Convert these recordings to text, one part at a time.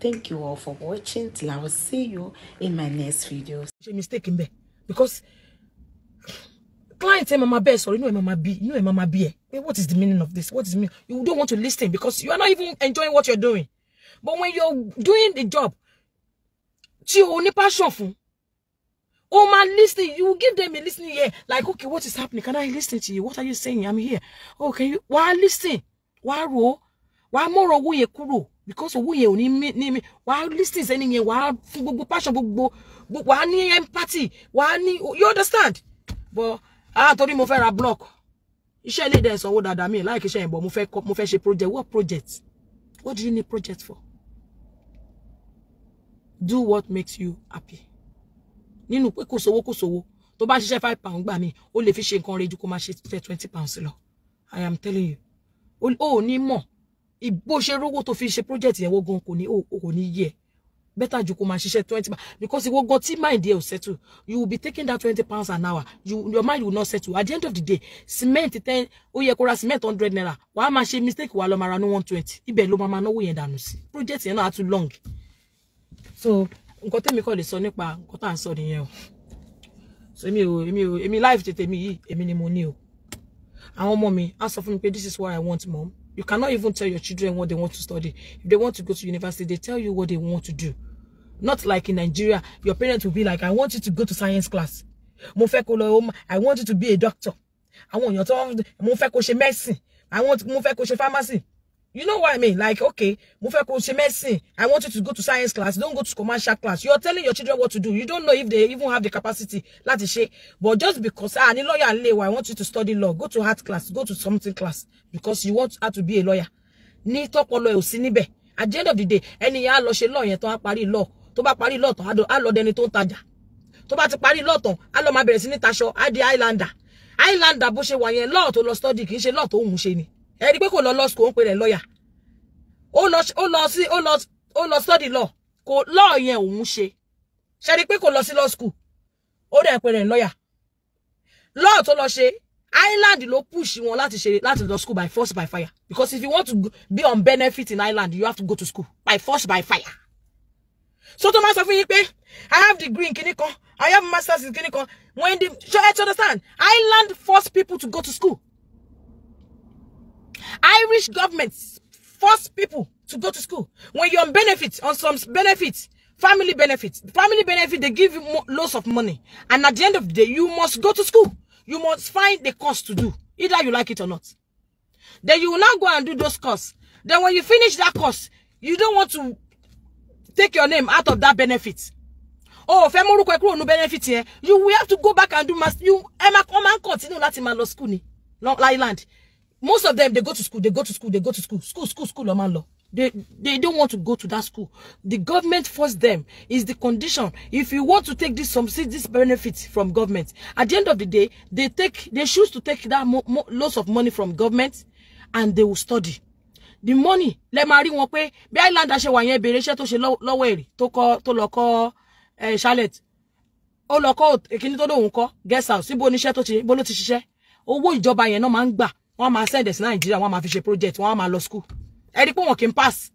thank you all for watching till i will see you in my next video. ṣe mistaken nbẹ because client say mama bẹ́ẹ̀ sọ̀rọ̀ inú ẹ mama be, inú ẹ mama bí what is the meaning of this what is mean? you don't want to listen because you are not even enjoying what you're doing but when you're doing the job tí o ní passion fún o máa listen you give them a listening ear like okay what is happening can i listen to you what are you saying i'm here okay why listen Why rò Why more owó yẹn kúrò because owó yẹn ò ní ní mi wà á lis ten sẹ́ni yẹn wà á fún gbogbo passion gbogbo wà á ní empathy wà á ní you understand but ah torí mo fẹ́ ra block iṣẹ́ ilé ìdá ìsanwó dáadáa mi láì kí iṣẹ́ yẹn bọ̀ mo fẹ́ mo fẹ́ ṣe project what project what do you need project for do what makes you happy nínú pé kò sówó kò sówó tó bá ṣiṣẹ́ five pound gbà mí o lè fi ṣe nǹkan rẹ ju kó máa ṣe twenty pounds lọ i am telling you o ò ní mọ̀ ìbò ṣe rówó tó fi ṣe project yẹn wọ́gán kò ní kò ní yẹ better ju kó máa ṣiṣẹ́ twenty pounds because ìwọ gan tí mind ẹ ò settle you will be taking that twenty pounds an hour you, your mind will not settle at the end of the day cement ten ó yẹ kó ra cement hundred naira wà á máa ṣe mistake wà á lọ máa ra ní one twenty ibẹ̀ ló máa máa náwó yẹn dànù sí project yẹn náà á tún long so nǹkan tẹ́mi kọ́ lè sọ nípa nǹkan tá à ń sọ nìyẹn o so èmi o èmi o èmi life tètè mi yìí èmi ni mo ní o àwọn ọmọ mi á sọ fún mi pé this is what I want mom You cannot even tell your children what they want to study. If they want to go to university, they tell you what they want to do. Not like in Nigeria, your parents will be like, I want you to go to science class. Mo fẹ́ kó lọ I want you to be a doctor. Àwọn èèyàn tó mo fẹ́ kó medicine. I want mo fẹ́ kó pharmacy you know what i mean like okay mo fẹ́ kó ṣe medicine i want you to go to science class don't go to commercial class you are telling your children what to do you don't know if they even have the capacity láti ṣe but just because ah ni lawyer le wa i want you to study law go to art class go to something class because you want her to be a lawyer Ni tọpọlọ ò sí níbẹ̀ at the end of the day ẹni yẹn á lọ ṣe law yẹn tán á parí law tó bá parí law tán á lọ dẹni tó ń tajà tó bá ti parí law tán á lọ máa bẹ̀rẹ̀ sí ní taṣọ á di islander islander bó ṣe wà yẹn law tó lọ study kì í ṣe law tó ń mú ṣe ni ẹ rí i pé kò lọ law school ó ń pè rẹ̀ lọ́ọ̀yà ó lọ ó lọ sí ó lọ ó lọ study law kò law yẹn òun ṣe ṣe rí i pé kò lọ sí law school ó dẹ̀ ń pè rẹ̀ lọ́ọ̀yà law tó lọ ṣe Ireland ló push wọn láti ṣe láti lọ school by force by fire because if you want to be on benefit in Ireland you have to go to school by force by fire so tó máa sọ fún yín pé i have degree in kinní kan i have masters in kinní kan when the so I understand Ireland force people to go to school Irish government force people to go to school. When you're on benefits, on some benefits, family benefits, family benefit, they give you lots of money. And at the end of the day, you must go to school. You must find the course to do, either you like it or not. Then you will now go and do those course. Then when you finish that course, you don't want to take your name out of that benefit. Oh, fẹ́ mú orúkọ kúrò benefit yẹn. You will have to go back and do mass. You I'm a common continue láti máa lọ school ní Long Island most of them they go to school they go to school they go to school school school school ló máa ń they they don't want to go to that school the government force them is the condition if you want to take this subsidy this benefit from government at the end of the day they take they choose to take that mo mo loss of money from government and they will study the money lẹ máa rí wọn pé bí islander ṣe wà yẹn bèrè iṣẹ́ tó ṣe lọ́wọ́ èrè tó kọ eh, Charlotte ó lọ guest house ibo oníṣẹ́ tó ṣe ibo ló ti ṣiṣẹ́ owó ìjọba yẹn náà máa ń wọ́n máa send sí nàìjíríà wọ́n máa fi ṣe project wọ́n máa lọ school ẹ rí pé wọn kì í pass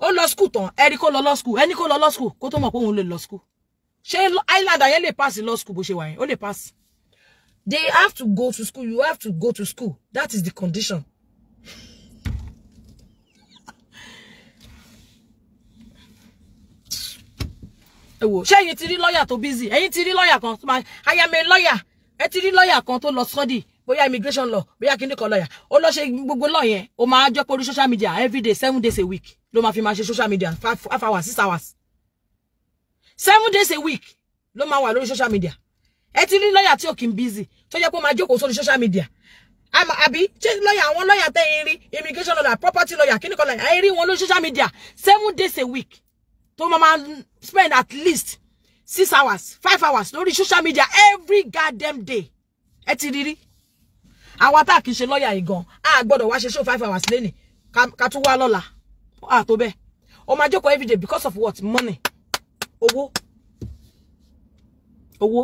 ó lọ school tán ẹ rí kó lọ lọ school ẹni kó lọ lọ school kó tó mọ̀ pé òun lè lọ school ṣé island ayé lè pass lọ school bó ṣe wà yẹn ó lè pass they have to go to school you have to go to school that is the condition. ẹ wò ṣé ẹ̀yin ti rí lọ́ọ̀yà tó busy ẹ̀yin ti rí lọ́ọ̀yà kan tó máa I am a lawyer ẹ ti rí lọ́ọ̀yà kan tó lọ study bóyá immigration law bóyá kíndìn kan lọ́yà ó lọ́ ṣe gbogbo lọ́ yẹn ó máa jẹ́ pé orí social media every day seven days a week ló máa fi máa ṣe social media five hours six hours seven days a week ló máa wà lórí social media ẹ ti rí lọ́yà tí ò kì í busy tó jẹ́ pé ó máa jókòó sórí social media àbí ṣé lọ́yà àwọn lọ́yà tẹ́yìn rí immigration lawyer property lawyer kíndìn kan lọ́yà ẹ rí wọn lórí social media seven days a week tó máa máa spend at least six hours five hours lórí social media every goddamn day ẹ ti rí rí àwa tá kì í ṣe lọ́ọ̀yà yìí gan a gbọ́dọ̀ wá ṣe show five hours lẹ́nì ká tún wá lọ́la a tó bẹ́ẹ̀ o máa jókòó everyday because of what money owó owó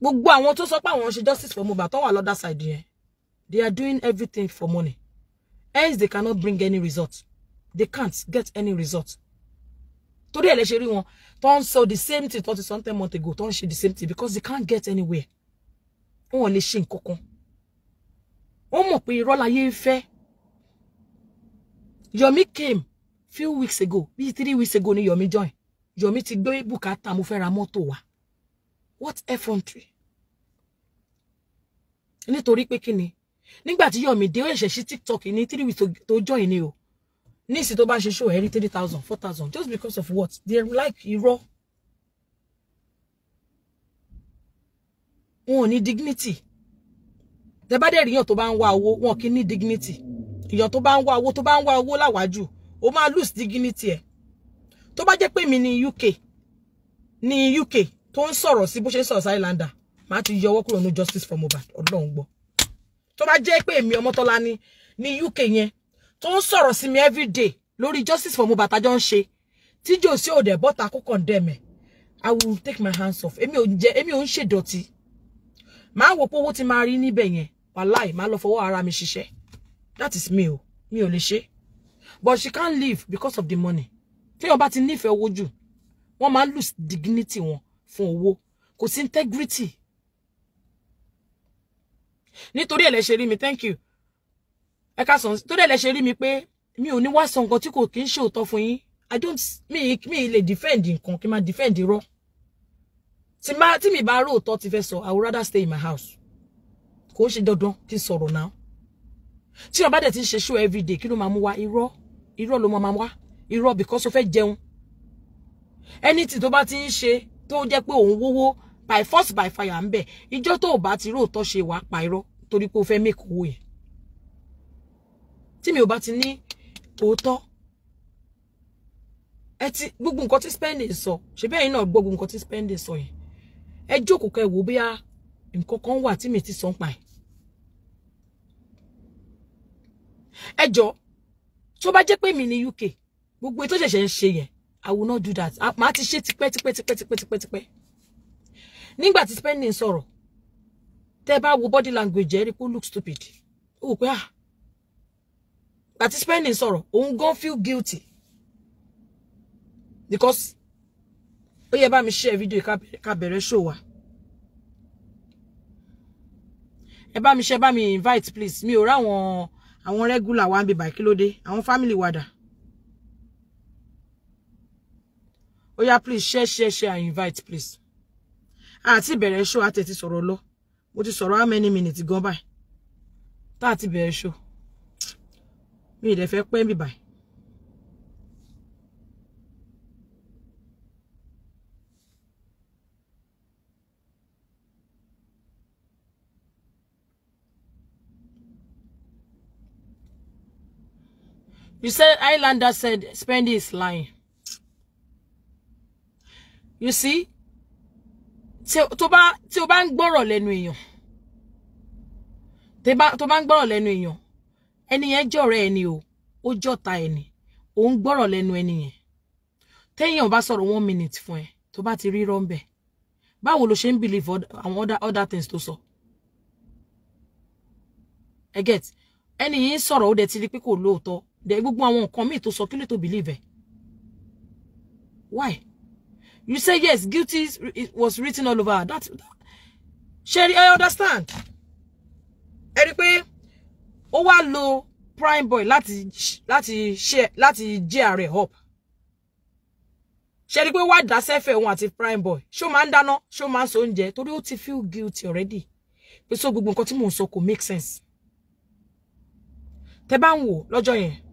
gbogbo àwọn tó sọ pé àwọn ṣe justice for mobile. tó wà lọ́dà side yẹn they are doing everything for money else they cannot bring any result they can't get any result torí ẹ̀ lè ṣe rí wọn tó ń sọ the same thing thirty something sọ months ago tó ń ṣe the same thing because they can't get anywhere wọn ò lè ṣe nǹkan kan wọ́n mọ̀ pé irọ́ láyé fẹ́ Yomi came few weeks ago bíi three weeks ago ni Yomi join Yomi ti gbé bùkátà mo fẹ́ ra mọ́tò wa what effrontery nítorí pé kí ni nígbà tí Yomi dé ó ṣẹ̀ṣẹ̀ sí TikTok ní three weeks tó join ni o níìsì tó bá ṣe show ẹ̀ rí three thousand four thousand just because of what they like irọ́. wọn ò ní dignity tẹ bá dẹ̀ rí yàn tó bá ń wá owó wọn kì í ní dignity èèyàn tó bá ń wá owó tó bá ń wá owó láwájú ó máa lose dignity ẹ̀ tó bá jẹ́ pé mi ní UK ní UK tó ń sọ̀rọ̀ sí bó ṣe ń sọ̀rọ̀ sí islander màá ti yọ ọwọ́ kúrò ní justice for Mohbad ọlọ́run gbọ́ tó bá jẹ́ pé èmi Ọmọ́tọ́lá ní ní UK yẹn tó ń sọ̀rọ̀ sí mi everyday lórí justice for Mohbad tájọ́ ń ṣe tíjọ́ sí òde bọ́ta kó condemn ẹ̀ I will take my hands off èmi ò jẹ́ èmi ò máa wò pé owó ti máa rí níbẹ̀ yẹn wàláì máa lọ fọwọ́ ara mi ṣiṣẹ́ that is me o mi ò lè ṣe but she can't live because of the money téèyàn bá ti nífẹ̀ẹ́ owó jù wọ́n máa lose dignity wọn fún owó kò sí integrity nítorí ẹ̀ lẹ ṣe mi thank you ẹ ká sàn torí ẹ̀ lẹ ṣe rí mi pé mi ò ní wá sọ nǹkan tí kò kí ń ṣe òótọ́ fún i don't mi me le defend nǹkan kí n máa defend irọ́ tí ma tí mi bá róòtọ́ ti fẹ́ sọ I would rather stay in my house kò ṣe dandan kí n sọ̀rọ̀ náà tí wọn bá dẹ̀ ti ń ṣe show everyday kí ló máa mú wa irọ́ irọ́ ló máa wá irọ́ because ó fẹ́ jẹun anything tó bá ti ń ṣe tó jẹ́ pé òun wówó by force by fire ń bẹ̀ ìjọ́ tó o bá ti róòtọ́ ṣe wàá pa irọ́ torí pé o fẹ́ make owó yẹn tí mi ò bá ti ní òótọ́ ẹ ti gbogbo nǹkan tí spending sọ ṣe bẹ́ẹ̀ yín náà gbogbo nǹkan tí spending sọ yẹn ẹ jókòó kẹ́ wò bóyá nǹkan kan wà tí mi ti sọ ń pa ẹ̀. ẹ jọ tó bá jẹ́ pé mi ní UK gbogbo ètò ìṣẹ̀ṣẹ̀ ń ṣe yẹn I will not do that màá ti ṣe tipẹ́ tipẹ́ tipẹ́ tipẹ́ tipẹ́ tipẹ́ nígbà tí spending sọ̀rọ̀ tẹ́ bá wo body language ẹ rí pé ó look stupid ó wò pé ah àti spending sọ̀rọ̀ òun gan feel guilty because ó yẹ bá mi share fídíò ká bẹ̀rẹ̀ show wa ẹ bá mi share bá mi invite please mi ò ráwọn àwọn regular wa ń bèbà kí ló dé àwọn family wa dà ó yá please share share share and invite please àti bẹ̀rẹ̀ show àtẹ̀tí sọ̀rọ̀ lọ mo ti sọ̀rọ̀ how many minutes gan báyìí tá àti bẹ̀rẹ̀ show mi ì dẹ̀ fẹ́ pẹ́ bíbáyìí. You said Islander said Spendy is lying. You see? to bá tí o bá ń gbọ́rọ̀ lẹ́nu èèyàn. Tẹ́ bá tó bá ń gbọ́rọ̀ lẹ́nu èèyàn. Ẹni yẹn jọ̀rẹ́ ẹni o, ó jọ̀tá ẹni. Ó ń gbọ́rọ̀ lẹ́nu ẹni yẹn. Téèyàn bá sọ̀rọ̀ one minute fún ẹ, tó bá ti rí rombe. Báwo lo ṣe ń believe àwọn other other things tó so. I get. Ẹni yẹn sọ̀rọ̀ ó dẹ̀ ti rí pé kò lóòótọ́ dẹ̀ gbogbo àwọn nǹkan míì tó sọ kí ló believe why you say yes guilty was written all over that Sherry I understand ẹ rí i pé ó wá lo prime boy láti láti ṣe láti jẹ́ ààrẹ up ṣe rí i pé wá dá sẹ́fẹ̀ prime boy ṣó máa ń dáná ṣó so oúnjẹ torí ó ti feel guilty already pé so gbogbo nǹkan tí mò ń sọ make sense tẹ bá ń wò lọ́jọ́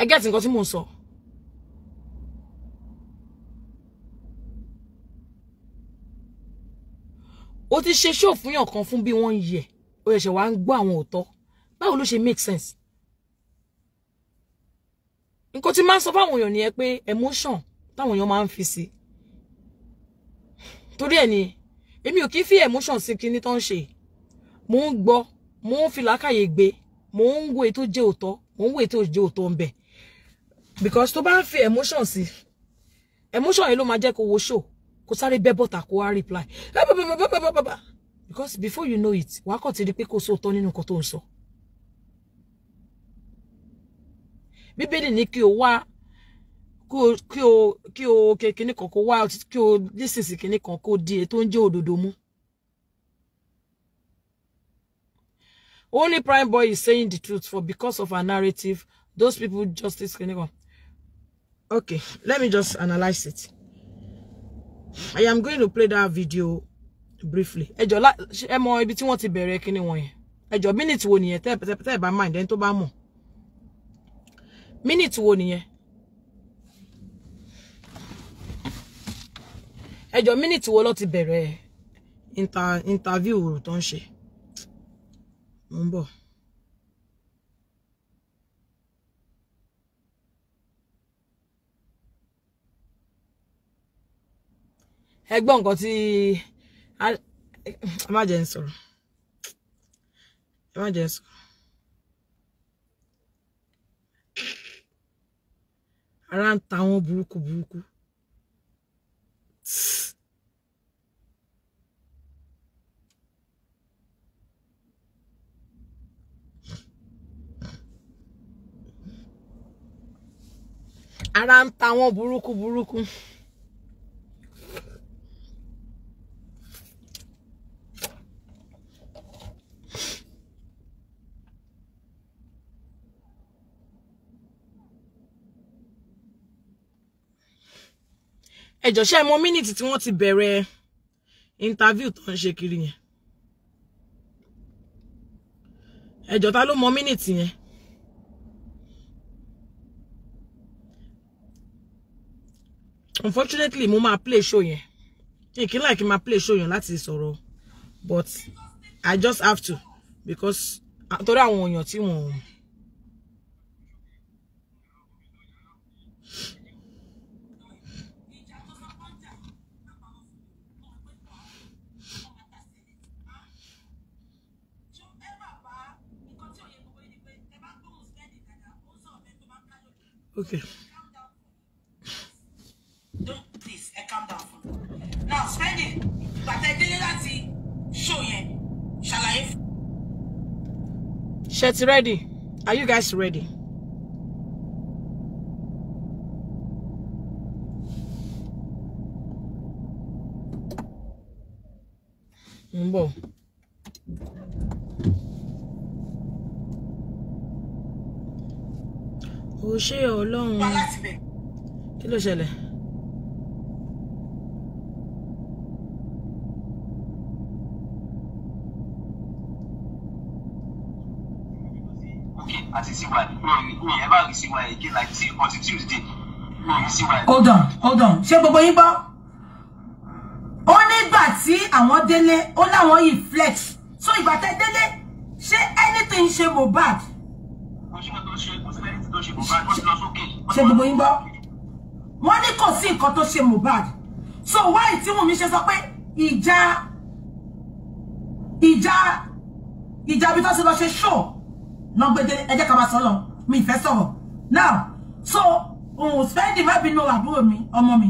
ẹ gẹ́tì nǹkan tí mò ń sọ. o ti ṣe ṣó fún yàn kan fún bí wọ́n ń yẹ o ṣẹ̀ṣẹ̀ wá ń gbọ́ àwọn òótọ́ báwo ló ṣe make sense. nǹkan tí máa ń sọ fáwọn èèyàn nìyẹn pé emotion táwọn èèyàn máa ń fi sí torí ẹ̀ ni èmi ò kí ń fi emotion sí kinní tó ń ṣe mò ń gbọ́ mò ń fi làákàyè gbé mò ń wo ètò jẹ́ òótọ́ mò ń wo ètò jẹ́ òótọ́ ń bẹ̀ because to bá ń fi emotion sí emotion yẹn ló máa jẹ́ kó wo show kó sáré bẹ́ bọ́ta kó wá reply because before you know it wàá kàn ti rí pé kò sóòótọ́ nínú nǹkan tó ń sọ. bíbélì ní kí o wá kí o kí o kíní kan kó wá kí o lísìsì kíní kan kó di èyí tó ń jẹ́ Only Prime Boy is saying the truth for because of her narrative those people justice kíní kan okay let me just analyze it i am going to play that video briefly ẹ jọ̀ọ́ ẹ mọ ibi tí wọ́n ti bẹ̀rẹ̀ kíní wọn yẹn ẹ jọ̀ọ́ wo nìyẹn tẹ́ ẹ bá mind ẹni tó bá mọ̀ mínítì wo nìyẹn ẹ jọ̀ọ́ wo ló ti bẹ̀rẹ̀ interview tó ń mo ń ẹ gbọ́ nǹkan tí ẹ má jẹ́ ń sọ̀rọ̀ ẹ má jẹ́ ń sọ̀rọ̀ ara ń ta wọn burúkú burúkú. ara ń ta wọn burúkú burúkú. ẹjọ ṣe mọ mínítì tí wọ́n ti bẹ̀rẹ̀ interview tó ń ṣe kiri yẹn ẹjọ ta ló mọ mínítì yẹn unfortunately mo máa play show yẹn kìkì láì kí n máa play show yẹn láti sọ̀rọ̀ but i just have to because torí àwọn èèyàn tí wọ́n. Okay. Don't please, ẹ calm down for Now spending, bàtà ìdílé láti show yẹn, ṣàlàyé fún. Ṣé ready? Are you guys ready? Mbo. o ṣé ọlọ́run kí ló ṣẹlẹ̀. hold on hold on ṣé gbogbo yín gbọ́ ó nígbà tí àwọn délé ó láwọn yìí flex so ìgbà tẹ́ délé ṣé anything ṣe Mohbad ṣe gbogbo yín gbọ́ wọ́n ní kò sí nǹkan tó ṣe Mohbad so why tí Wùnmí ṣe sọ pé ìjà ìjà ìjà bí tó ṣe lọ ṣe show náà gbé ẹ jẹ́ ká máa sọ lọ mi ìfẹ́ sọ̀rọ̀ now so òun spending má bínú àbúrò mi ọmọ mi.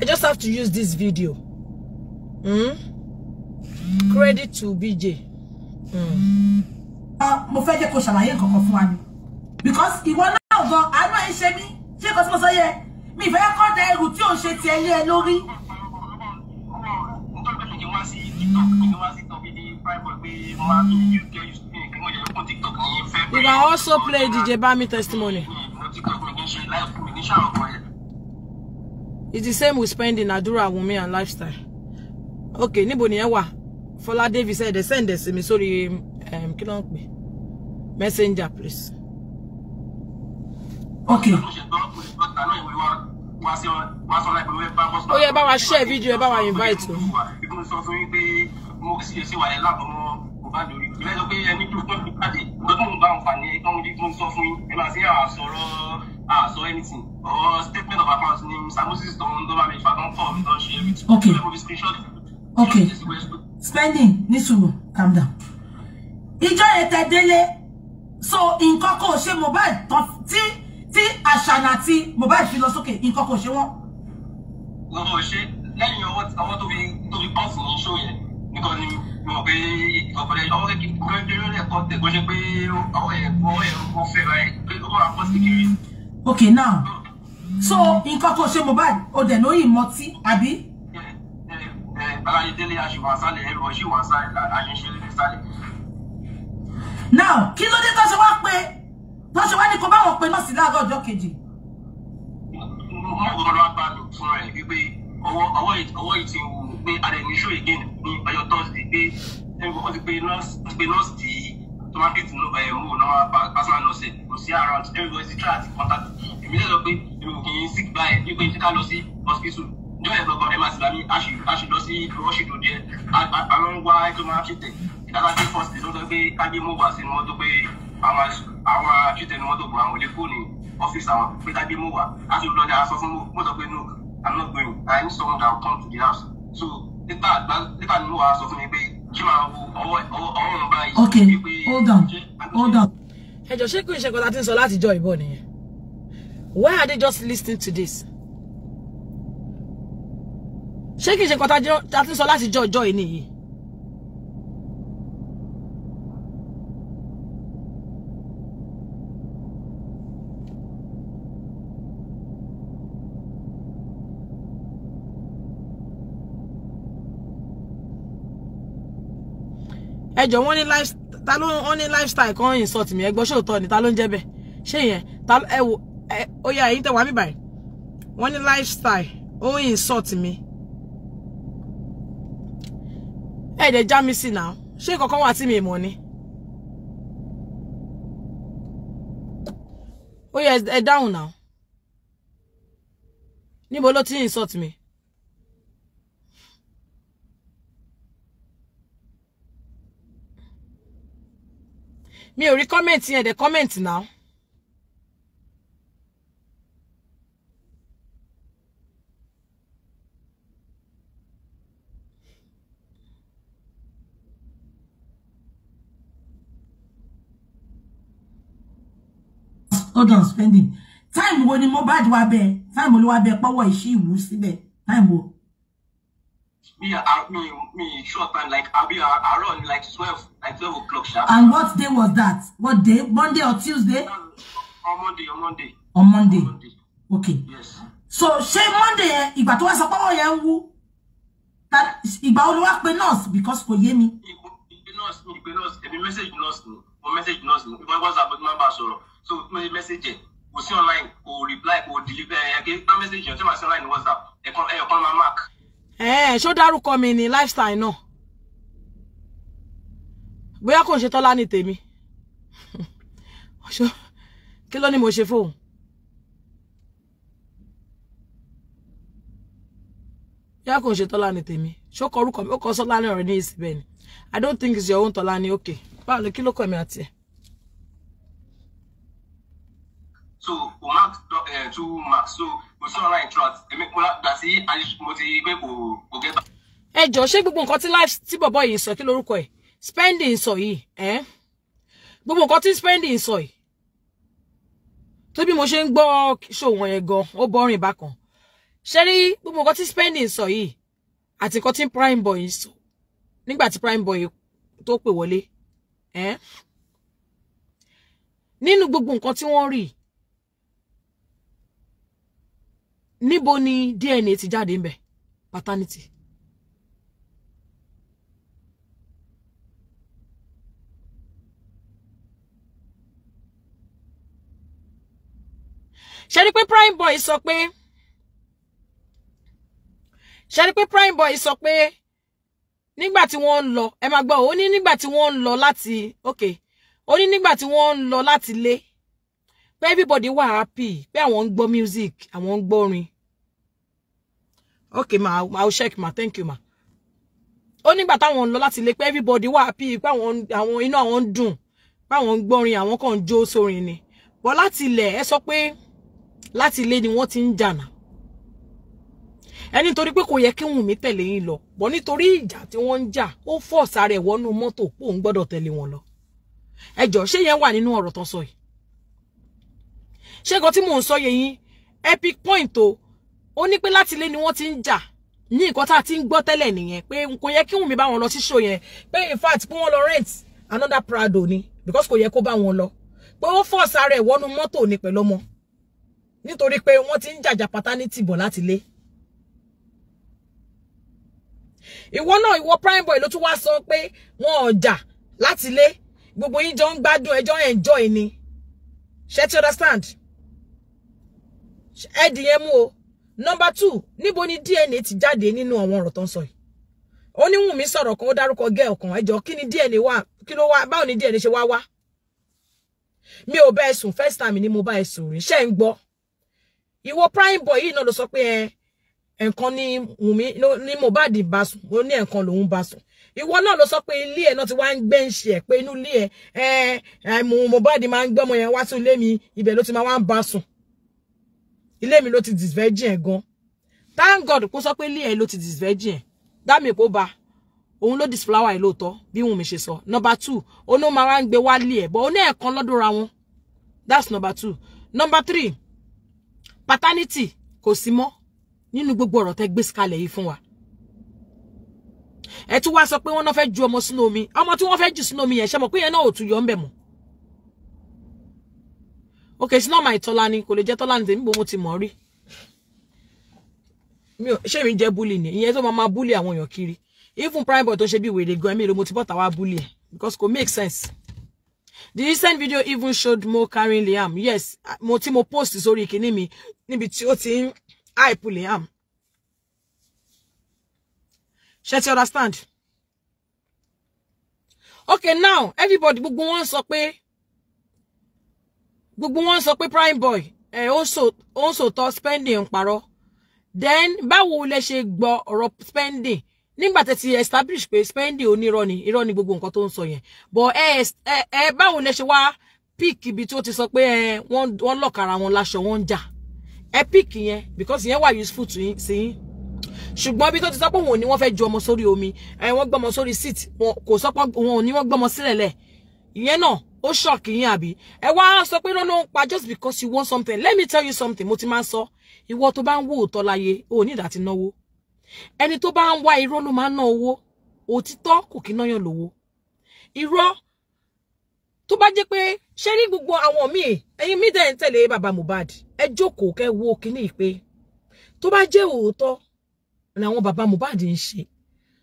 I just have to use this video. Mm? Credit to BJ. Mm mo fẹ́ jẹ́ kó ṣàlàyé nǹkan kan fún wa ni because ìwọ náà gan àánú ẹ̀ ń ṣe mí ṣé kò tí mo sọ yẹ mi ìfẹ́ kọ́ da ẹrù tí ò ń ṣe ti ẹ lé ẹ lórí. You can also play DJ Bami testimony. It's the same with spending Adura Wunmi and lifestyle. Okay, níbo nìyẹn wà? Fọlá Davis said they send this to me sorry um kí ló ń pè. Messenger, please. Okay. Oh yeah, about wa share video about bá invite o. Okay. Okay. Spending ní calm down. Enjoy yẹn tẹ so nǹkan kò ṣe Mohbad tán tí tí Àṣànà àti Mohbad fi lọ sókè nǹkan kò ṣe wọ́n. wọn ò ṣe lẹ́yìn ọwọ́ àwọn tó fi tó fi pọ́ǹsì ní ṣó yẹn nìkan ni mo mọ̀ pé ìkọ̀bọ̀lẹ̀ ọwọ́ kékeré lórí ẹ̀kọ́ tẹ̀gbọ́n ní pé ọwọ́ yẹn ọwọ́ yẹn ó fẹ́ ra ẹ̀ pé ó wà pọ́ǹsì kiri. okay now so nǹkan kò ṣe Mohbad o dẹ̀ lóyìn mọtí àbí. balaye délé aṣèwàsálẹ̀ ẹ̀rọ ṣèwàsálẹ̀ àyẹ̀ṣẹ̀ sálẹ̀ now kí ló dé tó ṣe wá pé tó ṣe wá ní kó báwọn pe nọ́ọ̀sì láàárọ̀ ọjọ́ kejì. mo rọra bá mi fúnra ẹ wípé ọwọ́ ọwọ́ yìí ti wù pé ara ẹni ṣó again ní ọjọ́ tọ́sídẹ̀ẹ́ pé ẹnìkan ti pe nọ́ọ̀sì pe nọ́ọ̀sì tí tomatit ẹ̀hún ò náà personal nurse kò sí around everybody ti try àti contact èmi lè sọ pé èmi ò kì í sick báyìí wípé ká lọ sí hospital nígbà yẹn gbọgbọ ẹmà sílámì àṣìlọ sí rọṣìlò díẹ̀ àwọn ń wá ẹjọ́ máa ṣètẹ ìdálájẹ fọsítì ló pé kájí mú wá sínú mọ́tò pé àwọn àṣìtẹ ní mọ́tò bọ àwọn olè fóònù ọfíìsì àwọn pé kájí mú wá láti lọ dáa sọ fún mọ́tò pé no i'm not going i need someone that will come to the house so nígbà nígbà nínú wa sọ fún mi pé kí máa wo ọwọ́ ọ̀run báyìí. okay hold on hold on. ẹ jọ ṣé kí n ṣe nǹkan tá a ti ń sọ látijọ́ ìbọn nìyẹn why are they just listening to this ṣé kìí ṣe nǹkan tá a ti sọ láti jọ ìjọ yìí nìyí. ẹjọ wọn ní ta ló wọn ní lifestyle kan insult mi ẹgbọ́n ṣòótọ́ ni ta ló ń jẹ́ bẹ́ẹ̀ ṣé yẹn ta ẹ wò ẹ ó yà ẹ̀yin tẹ̀ wá mi báyìí wọn ní lifestyle ó insult mi. ẹ̀ẹ́dẹ̀ já mi sí náà ṣé kankan wà tí mi mọ̀ ni. ó yẹ ẹ dáhùn náà níbo ló ti insult me. mi ò rí kọ́mẹ̀ntì yẹn dẹ̀ kọ́mẹ̀ntì náà. hold spending time wo ni Mohbad wá bẹ time ló wá bẹ pọ́wọ́ ìṣí ìwú síbẹ̀ time wo. me me me short time like abi around like twelve like twelve o'clock sharp. and what day was that what day monday or tuesday. Uh, on monday on monday. on monday, okay. yes. so ṣé monday yẹn ìgbà tó wá sọ pọ́wọ́ yẹn ń wú ìgbà wo pe nurse because kò yé mi. ìgbà nurse mi ìgbà nurse èmi message nurse mi mo message nurse mi ìgbà wọ́n sábà máa bá a sọ̀rọ̀ so mo ṣe mẹ́sẹ̀jì ẹ̀ kò sí online kò reply kò deliver ẹ̀ kí bá mẹ́sẹ̀jì ẹ̀ tí màá sí online whatsapp ẹ̀kan ẹ̀kan máa mark. ẹ ẹ ṣó dárúkọ mi ní lifestyle náà bóyá kò ń ṣe tọ́lá ní tèmi kí ló ní mo ṣe fóun. yà kò ṣe tọ́lá ni tèmi ṣó kọ orúkọ mi ó kọ sọ́lá ní ọ̀rẹ́ ní ìsìbẹ̀ ni i don't think it's your own tọ́lá ni okay báwo ló kí ló kọ̀ mí àti ẹ̀. Eh, so kò mark two marks so kò sí online trust èmi kúnra gbà sí mo ti pé kò kò gẹ́gbà. ẹ jọ ṣé gbogbo nǹkan tí life tí bọ̀bọ̀ yìí sọ kí lórúkọ ẹ̀ spending sọ yìí ẹ̀ gbogbo nǹkan tí spending sọ yìí tó bí mo ṣe ń gbọ́ ṣòwọ̀n yẹn gan ó bọ́rìn bákan ṣe rí gbogbo nǹkan tí spending sọ yìí àti nǹkan tí prime boy sọ nígbà tí prime boy tó pè wọlé nínú gbogbo nǹkan tí wọ́n rí níbo ni DNA ti jáde ńbẹ̀ paternity. ṣe pé prime boy sọ pé ṣe pé prime boy sọ pé nígbà tí wọ́n ń lọ ẹ máa gbọ́ ó ní nígbà tí wọ́n ń lọ láti ok ó ní nígbà tí wọ́n ń lọ láti lé pé everybody wà happy pé àwọn ń gbọ́ music àwọn ń gbọ́ orin okay ma i will check ma thank you ma ó nígbà táwọn ń lọ láti ilé pé everybody wà happy pé àwọn àwọn inú àwọn ń dùn pé àwọn ń gbọ́rin àwọn kàn ń jó sórin ni but láti ilẹ̀ ẹ sọ pé láti ilé ni wọ́n ti ń jànà ẹni torí pé kò yẹ kí Wùnmí tẹ̀lé yín lọ bọ́ nítorí ìjà tí wọ́n ń jà ó fọ́ sára ẹ̀ wọnú mọ́tò pò ń gbọ́dọ̀ tẹ̀lé wọn lọ ẹjọ́ ṣé yẹn wà nínú ọ̀rọ̀ tán sọ yìí ṣé nǹkan tí mò ń sọ yẹ yín epic point o ó ní pé láti ilé ni wọ́n ti ń jà ní nǹkan tá a ti ń gbọ́ tẹ́lẹ̀ nìyẹn pé kò yẹ kí Wùnmí bá wọn lọ sí show yẹn pé in fact pé wọ́n lọ rent another Prado ni because kò yẹ kó bá wọn lọ pé ó force ara ẹ̀ wọnú mọ́tò ni pẹ̀lú ọmọ nítorí pé wọ́n ti ń jàjà paternity bọ̀ láti ilé ìwọ náà ìwọ prime boy ló tún wá sọ pé wọn ò jà láti ilé gbogbo yín jọ ń gbádùn ẹjọ́ enjoy ni ṣé ti understand ẹ̀dì yẹn mú o nọmba two níbo ni DNA ti jáde nínú àwọn ọ̀rọ̀ tó ń sọ yìí ó ní Wùnmí sọ̀rọ̀ kan ó dárúkọ gẹ́ẹ̀ kan ẹjọ́ kí ni DNA wà kí ló wà báwo ni DNA ṣe wá wá mi ò bá ẹ sùn first time ni mo bá ẹ sùn rí ṣé ń gbọ́ ìwọ prime boy yìí náà ló sọ pé ẹ ẹ̀ǹkan ni Wùnmí ni Mohbad bá sùn ó ní ẹ̀ǹkan lòun bá sùn ìwọ náà ló sọ pé ilé ẹ náà ti wá ń gbé ń ṣe ẹ pé inú ilé ẹ ẹ Mohbad máa ń gbọ́mọ yẹn wá sí ilé mi ibẹ̀ ló ti máa wá ń bá sùn ilé mi ló ti disvirgin ẹ̀ gan thank god kó sọ pé ilé ẹ̀ ló ti disvirgin ẹ̀ dámì kó ba òun ló disflower ẹ̀ lóòótọ́ bí wọ́n mi ṣe sọ number two ó ní ó máa wá ń gbé wálé ẹ̀ bọ́ ó ní ẹ̀ẹ̀kan lọ́dún ra wọn that's number two number three paternity kò sí mọ́ nínú gbogbo ọ̀rọ̀ tẹ́ gbé síkalẹ̀ yìí fún wa ẹ tún wá sọ pé wọ́n náà fẹ́ ju ọmọ sínú omi ọmọ tí wọ́n fẹ́ jù sínú omi yẹn ṣe mọ̀ pé yẹn náà ò tún yọ ń bẹ̀ mọ́ okay she's not my Tolani kò lè jẹ́ Tolani tèmi bò mo ti mọ̀ rí mi ò ṣé mi jẹ́ bully ni ìyẹn tó máa ma bully àwọn èèyàn kiri even prime boy tó ṣe bí wèrè gan mi ló mo ti bọ́ta wá bully ẹ̀ because kò make sense the recent video even showed Mo carrying Liam yes mo ti mo post sórí ìkíní mi níbi tí ó ti ń hype Liam ṣe ti understand okay now everybody gbogbo wọn sọ pé gbogbo wọn sọ pé prime boy ẹ eh, ó ń sòtọ spending ń parọ́ then báwo lẹ ṣe gbọ́ ọ̀rọ̀ spending nígbà tẹ́ ti establish pé spending onírọ́ ni irọ́ ni gbogbo nǹkan tó ń sọ yẹn but ẹ ẹ báwo lẹ ṣe wá pick ibi tí ó ti sọ pé wọ́n lọ̀kara wọn láṣọ wọn ń jà ẹ pick yẹn because yẹn wà useful to yín sí yín ṣùgbọ́n ibi tó ti sọ pé wọn ò ní wọ́n fẹ́ ju ọmọ sórí omi ẹ wọ́n gbọ́mọ sórí seat wọn kò sọ pé wọn ò ní wọ́n gbọ́mọ sílẹ̀ lẹ́ẹ̀ ìyẹn náà ó ṣọ̀kì yín àbí ẹ wá sọ pé lọ́nà ń pa just because you want something let me tell you something mo ti máa ń sọ ìwọ tó bá ń wò òótọ́ láyé o ò ní ìdá ti náwó ẹni tó bá ń wá irọ́ ló máa ń ná owó òtítọ́ kò kí náyàn lówó irọ́ tó bá jẹ́ pé ṣé ní gbogbo àwọn míì ẹ̀yin mi dẹ̀ ń tẹ̀lé bàbá Mohbad ẹ jókòó kẹ́ wo kíní pé tó bá jẹ́ òótọ́ ni àwọn bàbá Mohbad ń ṣe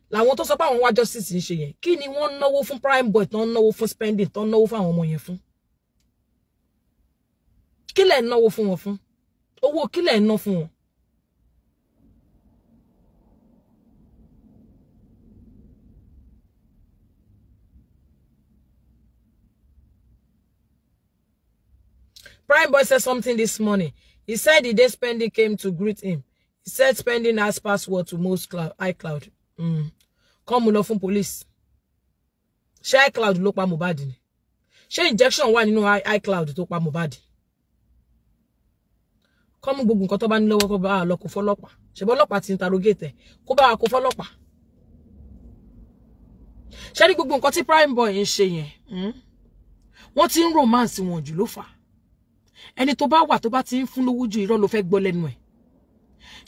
làwọn tó sọ pé àwọn wá justice ń ṣe yẹn kí ni wọ́n náwó fún prime boy tó ń náwó fún spending tó ń náwó fún àwọn ọmọ yẹn fún kí lẹ̀ ń náwó fún wọn fún owó kí lẹ̀ ná fún wọn. Prime Boy said something this morning. He said the day Spendy came to greet him. He said spending has passed password to most cloud, iCloud. Mm kọ́ mu lọ fún police ṣé iCloud ló pa Mohbad ni ṣé injection wà nínú iCloud tó pa Mohbad kọ́ mu gbogbo nǹkan tó bá ní lọ́wọ́ kó bá a lọ kó fọlọ́pàá ṣèbọ́ ọlọ́pàá ti interrogate ẹ̀ kó bá a kó fọlọ́pàá ṣé ní gbogbo nǹkan tí prime boy ń ṣe yẹn hmm? wọ́n ti ń romance wọn jù ló fà ẹni tó bá wà tó bá ti ń fún lówó ju irọ́ ló fẹ́ gbọ́ lẹ́nu ẹ̀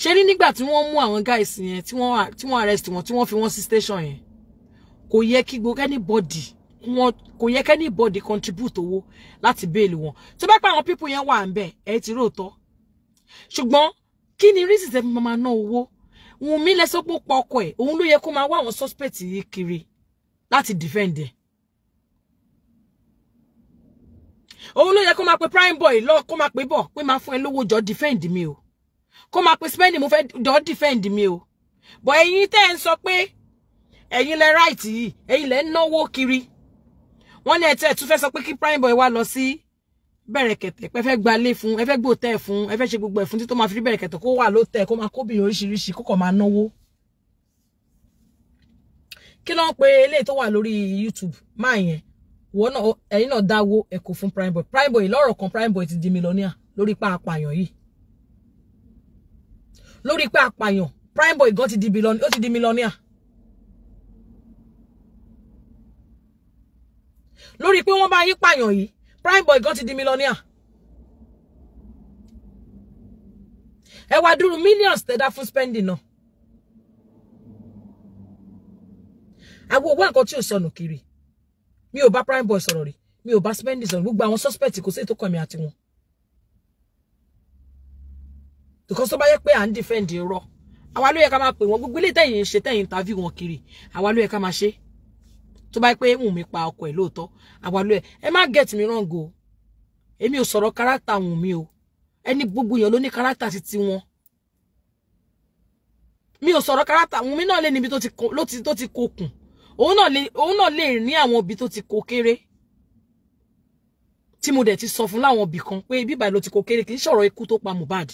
ṣé ní nígbà tí wọ́n mú àwọn guys yẹn tí wọ́n tí wọ́n arrest wọn tí wọ́n fi wọ́n sí station yẹn kò yẹ kí gbogbo anybody wọn kò yẹ kí anybody contribute owó láti bẹ́ẹ̀lì wọn tó bá pa àwọn people yẹn wà ń bẹ̀ ẹ ti róòtọ́ ṣùgbọ́n kí ni reason tẹ́ fi máa ná owó Wùnmí lẹ sọ pé ó pa ọkọ ẹ̀ òun ló yẹ kó máa wá àwọn suspect yìí kiri láti defend ẹ̀ òun ló yẹ kó máa pe prime boy lọ kó máa pe bọ̀ pé máa fún ẹ lówó jọ defend mi o kó máa pe spending mo fẹ́ dọ́ defend mi o but ẹ̀yin tẹ́ ẹ̀ ń sọ pé ẹ̀yin lẹ right yìí ẹ̀yin lẹ ń náwó kiri wọ́n ní ẹ̀tẹ́ ẹ̀tún fẹ́ sọ pé kí prime boy wá lọ sí bẹ̀rẹ̀ kẹ̀tẹ̀ pé fẹ́ gbalé fún ẹ fẹ́ gbòtẹ́ fún ẹ fẹ́ ṣe gbogbo ẹ̀ fún títọ́ máa fi rí bẹ̀rẹ̀ kẹ̀tẹ̀ kó wà lótẹ̀ kó máa kóbìnrin oríṣiríṣi kó kàn máa náwó kí ló ń pe eléyìí tó wà lórí youtube máa yẹn wọ́n náà ẹ̀yin náà dáwó ẹ̀kọ́ fún prime boy prime boy lọ́rọ̀ kan prime boy ti di millionaire lórí pàápàá yàn yìí lórí pé apààyàn Primeboy gan ti di billionaire ó ti di millionaire lórí pé wọ́n bá yín pààyàn yìí Primeboy gan ti di millionaire ẹ wá dúró millions tẹ̀dá fún spending náà àwọn owó nǹkan tí ò sọnù kiri mi ò bá boy sọ̀rọ̀ rí mi ò bá spending sọ̀rọ̀ gbogbo àwọn suspect kò sí ètò kan mi àti wọn because tó bá yẹ pé à ń defend irọ́ àwa ló yẹ ká máa pè wọ́n gbogbo ilé tẹ̀yìn ṣe tẹ̀yìn interview wọn kiri àwa ló yẹ ká máa ṣe tó bá yẹ pé Wùnmí pa ọkọ ẹ̀ lóòótọ́ àwa ló yẹ ẹ má get me wrong o èmi ò sọ̀rọ̀ kárátà Wùnmí o ẹni gbogbo èèyàn ló ní kárátà ti ti wọn mi ò sọ̀rọ̀ kárátà Wùnmí náà lè níbi tó ti kokùn òun náà lè ní àwọn ibi tó ti ko kéré tí mo dẹ̀ ti sọ fún láwọn ibì kan pé bíbáyìí ló ti ko kéré kì í ṣọ̀rọ̀ ikú tó pa Mohbad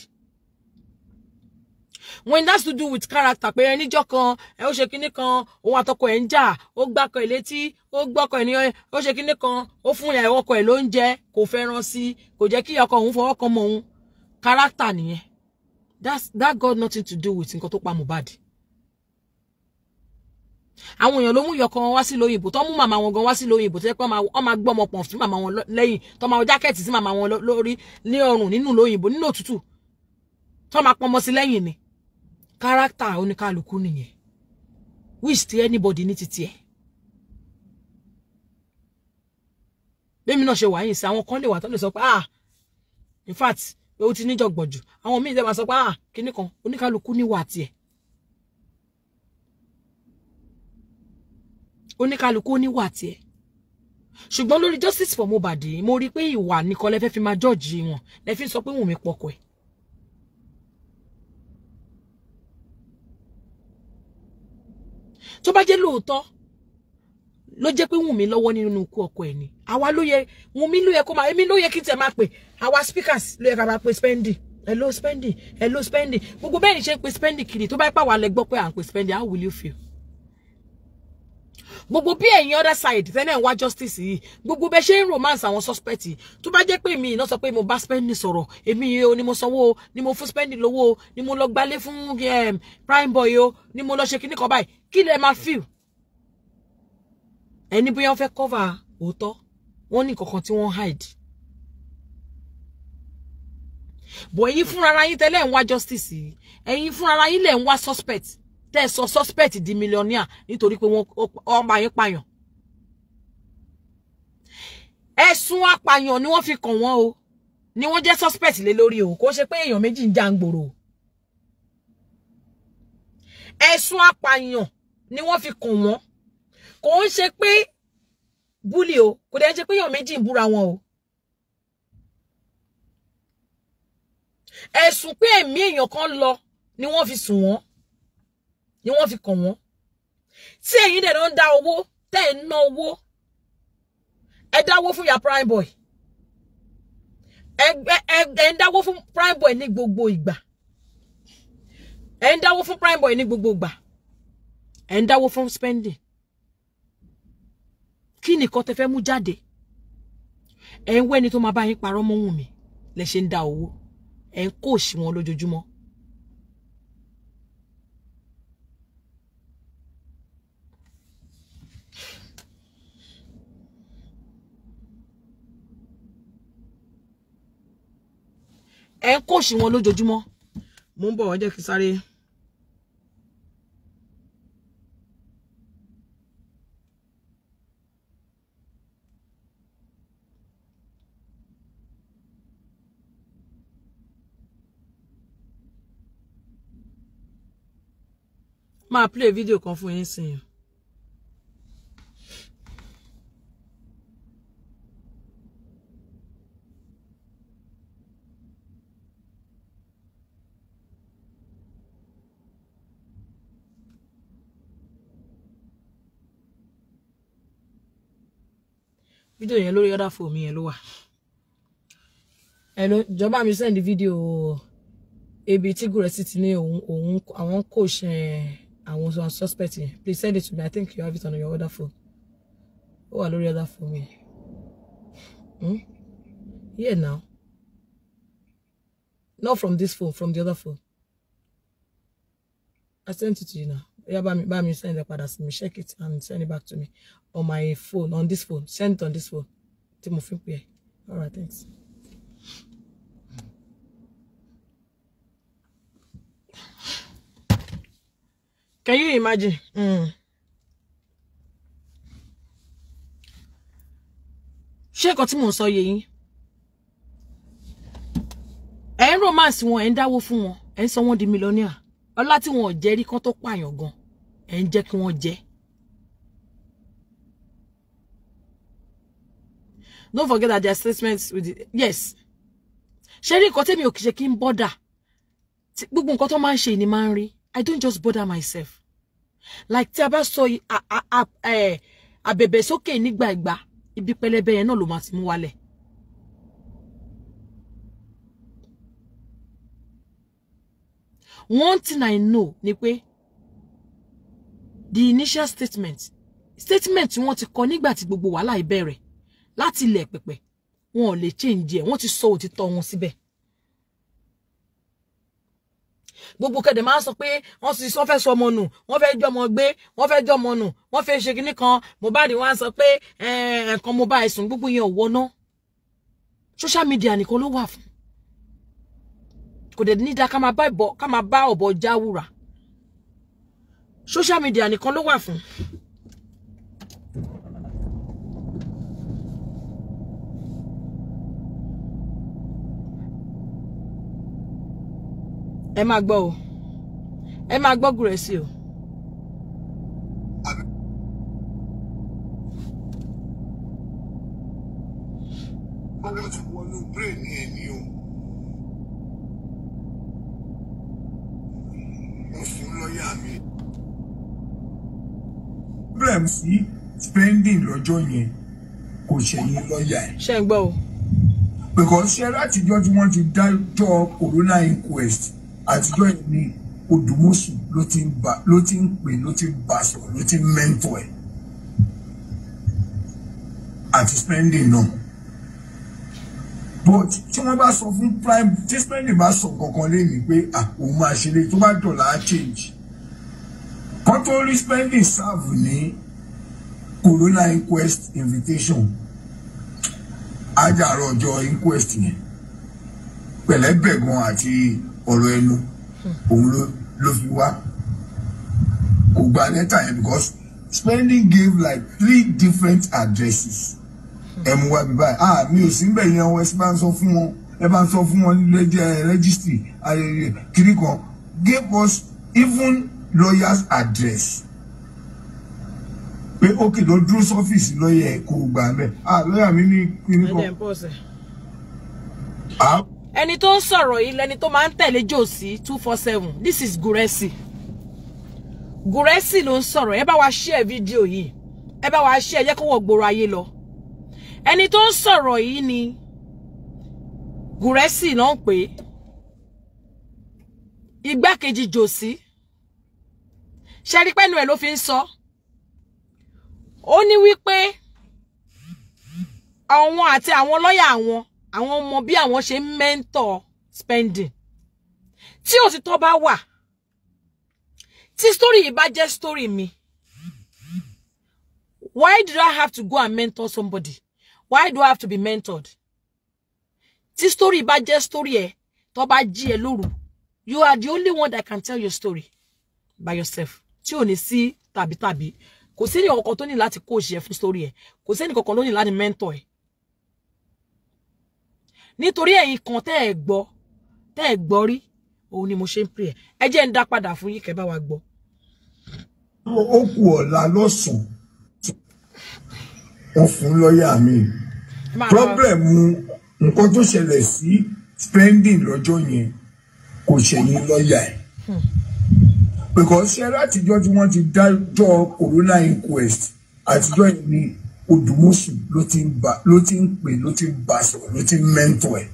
when that's to do with character pé ẹníjọ́ kan ẹ ó ṣe kinní kan òun àtọkọ ẹ̀ ń jà ó gbàkọ̀ ẹ̀ létí ó gbọ́kọ ẹ̀ ní ó ṣe kinní kan ó fún ìyá ọkọ ẹ̀ lóúnjẹ kò fẹ́ràn sí i kò jẹ́ kí ọkọ òun fọwọ́ kan mọ òun character nìyẹn that's that got nothing to do with nǹkan tó pa Mohbad àwọn èèyàn ló mú ìyọkọ wọn wá sí lóyìnbó tó mú màmá wọn gan wá sí lóyìnbó tó yẹ pé wọn máa gbọ́ ọmọ pọ̀n fún màmá wọn lẹ́yìn tó máa wọ jákẹ́ẹ̀tì sí màmá wọn lórí ní ọrùn nínú lóyìnbó nínú òtútù tó máa pọnmọ sí lẹ́yìn ni character oníkálukú nìyẹn wish ti anybody ní titi ẹ̀ bẹ́ẹ̀ mi náà ṣe wà yìí sí àwọn kan lè wà tó lè sọ pé ah in fact pé ó ti níjọ̀gbọ̀n jù àwọn míì dẹ́gbà sọ pé ah kinní kan oníkálukú ní wà tiẹ̀ oníkálukú ní wà tiẹ̀ ṣùgbọ́n lórí justice for Mohbad mo rí i pé ìwà nìkan lẹ́fẹ́ fi máa jọ́ọ̀jì wọn lẹ́fí sọ pé wùn pọkọ ẹ̀ tó bá jẹ́ lóòótọ́ ló jẹ́ pé Wùnmí lọ́wọ́ nínú ikú ọkọ ẹ̀ ni àwa ló yẹ Wùnmí ló yẹ kó máa èmi ló yẹ kí n tẹ̀ máa pè àwa speakers ló yẹ ká máa pè spendi hello spendi hello spendi gbogbo bẹ́ẹ̀ ni ṣe ń pe spendi kiri tó bá yẹ pé àwa lẹ gbọ́ pé à ń pe spendi how will you feel gbogbo bí ẹ̀yin other side tẹ́lẹ̀ ń wá justice yìí gbogbo bẹ́ẹ̀ ṣe ń romance àwọn suspect yìí tó bá jẹ́ pé èmi iná sọ pé mo bá spendi sọ̀rọ̀ èmi o ni mo sanwó o ni mo fún spendi lówó o ni mo lọ gbálé fún um, prime boy o ni mo lọ ṣe kíní kan báyìí kí lẹ máa feel ẹni bóyá wọ́n fẹ́ cover òótọ́ wọ́n ní kankan tí wọ́n hide bọ̀ ẹ̀yin fúnra yín tẹ́lẹ̀ ń wá justice yìí ẹ̀yin fúnra yín lẹ̀ ń wá suspect tẹ́ ẹ sọ suspect di millionaire nítorí pé wọ́n ọmọ yín pààyàn ẹ̀sùn apààyàn ni wọ́n fi kàn wọ́n o ni wọ́n jẹ́ suspect lé lórí o kò ṣe pé èèyàn méjì ń jà ń gbòòrò ẹ̀sùn apààyàn ni wọ́n fi kàn wọ́n kò ń ṣe pé búlì o kò dẹ̀ ń ṣe pé èèyàn méjì ń búra wọn o ẹ̀sùn pé ẹ̀mí èèyàn kan lọ ni wọ́n fi sùn wọ́n ni wọ́n fi kàn wọ́n tí ẹ̀yin dẹ̀ ló ń dá owó tẹ́ ẹ̀ ń ná owó ẹ dáwó fún ya prime boy ẹ ń dáwó fún prime boy ní gbogbo ìgbà ẹ ń dáwó fún prime boy ní gbogbo ìgbà ẹ̀ ń dáwó fún spending kí nìkan tẹ fẹ́ mú jáde ẹ̀ ń wẹ́ni tó máa bá yín parọ́ mọ́ Wùnmí lẹ ṣe ń da owó ẹ̀ ń kó òṣì lójoojúmọ́. ẹ ń kóòsì wọn lójoojúmọ́ mo ń bọ̀ wọ́n jẹ́ kí sáré m'a play fídíò kan fún yín sìn yín. fídíò yẹn lórí ọ̀dà fòmí yẹn ló wà ẹnu ìjọba mi send fídíò ebi tí gúrẹ́sì ti ní òun àwọn kò ṣe é. I was suspecting. Please send it to me. I think you have it on your other phone. Oh, I lórí other phone me. Hmm? Yeah, now. Not from this phone, from the other phone. I sent it to you now. Yeah, by me, by me send it padà sí mi. Check it and send it back to me on my phone, on this phone. Send it on this phone. Tí All right, thanks. Can you imagine? Mm. Ṣé nǹkan tí mò ń sọ yé yín? Ẹ̀ ń romance wọn, ẹ̀ ń dáwó fún wọn, ẹ̀ ń sọ wọ́n di mílíọ̀nìà. Ọlá tí wọn ò jẹ́ rí kán tó pààyàn gan, ẹ̀ ń jẹ́ kí wọ́n jẹ́. Don't forget that their statements with the, yes. Ṣé rí nǹkan tẹ́mi ò kì í ṣe kí n bọ́dà? Gbogbo nǹkan tó máa ń ṣe ni máa ń rí. I don't just bother myself. Like tí a bá sọ àbẹ̀bẹ̀ sókè nígbà ìgbà ibi pẹlẹbẹ yẹn náà ló máa ti mú wálẹ̀. One thing I know ni pé the initial statement statement tí wọ́n ti kọ nígbà tí gbogbo wàhálà ìbẹ̀rẹ̀ láti ilẹ̀ pẹ̀pẹ̀ wọn ò change ẹ̀ wọ́n ti sọ òtítọ́ wọn síbẹ̀. Si gbogbo kẹdẹ máa sọ pé wọ́n sì sọ fẹ́ sọ ọmọ nù wọ́n fẹ́ jọmọ gbé wọ́n fẹ́ jọmọ nù wọ́n fẹ́ ṣe kinní kan Mohbad wá sọ pé ẹẹkan mo bá ẹ̀sùn gbogbo yẹn ò wọná social media nìkan ló wà fún kò dẹ̀ ní da ká máa bá ìbọ ká máa bá ọ̀bọ jáwúra social media nìkan ló wà fún. ẹ máa gbọ́ o ẹ máa gbọ́ gùrẹ̀ sí o. owó ti wọnú brain ẹ ní o. mo fún lọ́ọ̀yà mi. problem sí spending lọ́jọ́ yẹn kò ṣẹ̀yìn lọ́ọ̀yà ẹ̀. ṣé ń gbọ́ o. because ṣe látijọ́ tí wọ́n ti dájọ́ corona inquest àti bẹ́ẹ̀ ni odùmọ̀sù ló ti ń ba ló ti ń pè ló ti ń ba sọ̀rọ̀ ló ti ń mẹ́ńtọ̀ ẹ̀ àti spending náà but tí wọ́n bá sọ fún prime tí spending bá sọ kankan lẹ́yìn pé òun máa ṣe lé tó bá dọ̀là á change kọ́tọ́rí spending serve ní corona inquest invitation ajá àrọ̀jọ inquest yẹn pẹ̀lẹ́bẹ̀gbọ́n àti ọ̀rọ̀ ẹnu òun ló ló fi wá kò gba lẹ́tà yẹn because spending gave like three different addresses ẹ mú wá bí báyìí ah mi ò sí ń bẹ̀ yẹn wọn ẹ bá ń sọ fún wọn ẹ bá ń sọ fún wọn rẹ́gísítì kiri kan gave us even lawyer's address pé ókè ló dúró sọ́fíìsì lọ́yẹ̀ kò gbà mẹ́ ah lọ́yà mi ní kíní kan ẹni tó ń sọ̀rọ̀ yìí lẹni tó máa ń tẹ̀lé jòsí two four seven this is Guresi Guresi ló ń sọ̀rọ̀ ẹ bá wa share fídíò yìí ẹ bá wa share ẹ jẹ́ kó wọ gbòòrò ayé lọ ẹni tó ń sọ̀rọ̀ yìí ni Guresi náà ń pè é igbákejì jòsí ṣẹ́rí pẹ́nu ẹ̀ ló fi ń sọ ó ní wípé àwọn àti àwọn lọ́ọ̀yà àwọn àwọn ọmọ bí àwọn ṣe ń mẹ́ńtọ̀ spending tí òtítọ́ bá wà tí story yìí bá jẹ́ story mi why do I have to go and mentor somebody why do I have to be mentored tí story bá jẹ́ story ẹ̀ tó bá jí ẹ lóru you are the only one that can tell your story by yourself tí ò ní sí tàbí tàbí kò sí ní ọkọ tó ní láti kóòṣì ẹ fún story ẹ kò sí ní kankan ló ní láti mentor ẹ nítorí ẹ̀yin kan tẹ́ ẹ̀ gbọ́ tẹ́ ẹ̀ gbọ́ rí òun ni mo ṣe ń pè ẹ̀ ẹ jẹ́ ń dá padà fún yín kẹ́ wa gbọ́. ó kù ọ̀la lọ́sàn-án lọ́ọ̀yà mi pírọ́blẹ̀mù nǹkan tó ṣẹlẹ̀ sí spending lọ́jọ́ yẹn kò ṣẹ̀yìn lọ́ọ̀yà ẹ̀ hmm. because ṣe látijọ́ tí wọ́n ti dájọ́ corona inquest àtijọ́ yìí ni odùmọ̀ṣù ló ti ń gbà ló ti ń pè ló ti ń bá sọ̀rọ̀ ló ti ń mẹ́ńtọ̀ ẹ̀.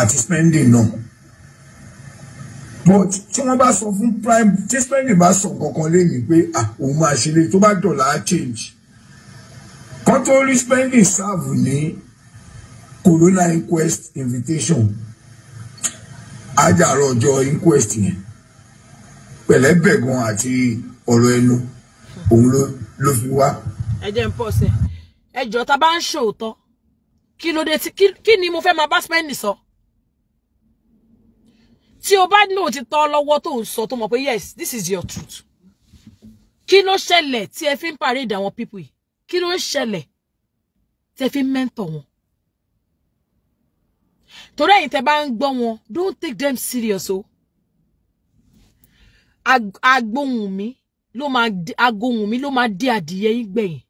àti spending náà. but tí wọ́n bá sọ fún prime tí spending bá sọ kankan lẹ́yìn pé òun máa ṣe lè tó bá dọ̀là á change. kan tó rí spending serve ní corona inquest invitation ájàrọ̀ ọjọ́ inquest yẹn pẹ̀lẹ́bẹ̀gan àti ọ̀rọ̀ ẹnu. No òun ló ló fi wá. ẹ jẹ́ ń pọ̀ sẹ́ ẹ jọ ta bá ń ṣòótọ́ kí ló tí kí ni mo fẹ́ máa bá spẹ́ndì sọ tí o bá ní òtítọ́ lọ́wọ́ tó ń sọ tó mọ̀ pé yes this is your truth kí ló ṣẹlẹ̀ tí ẹ fi ń parade àwọn people yìí kí ló ń ṣẹlẹ̀ tí ẹ fi ń mẹ́ńtọ̀ wọn torí ẹ̀yin tẹ́ bá ń gbọ́ wọn don't take them serious o Ag agbohun mi ló máa agohùn mi ló máa dé adìyẹ yín gbẹ̀yìn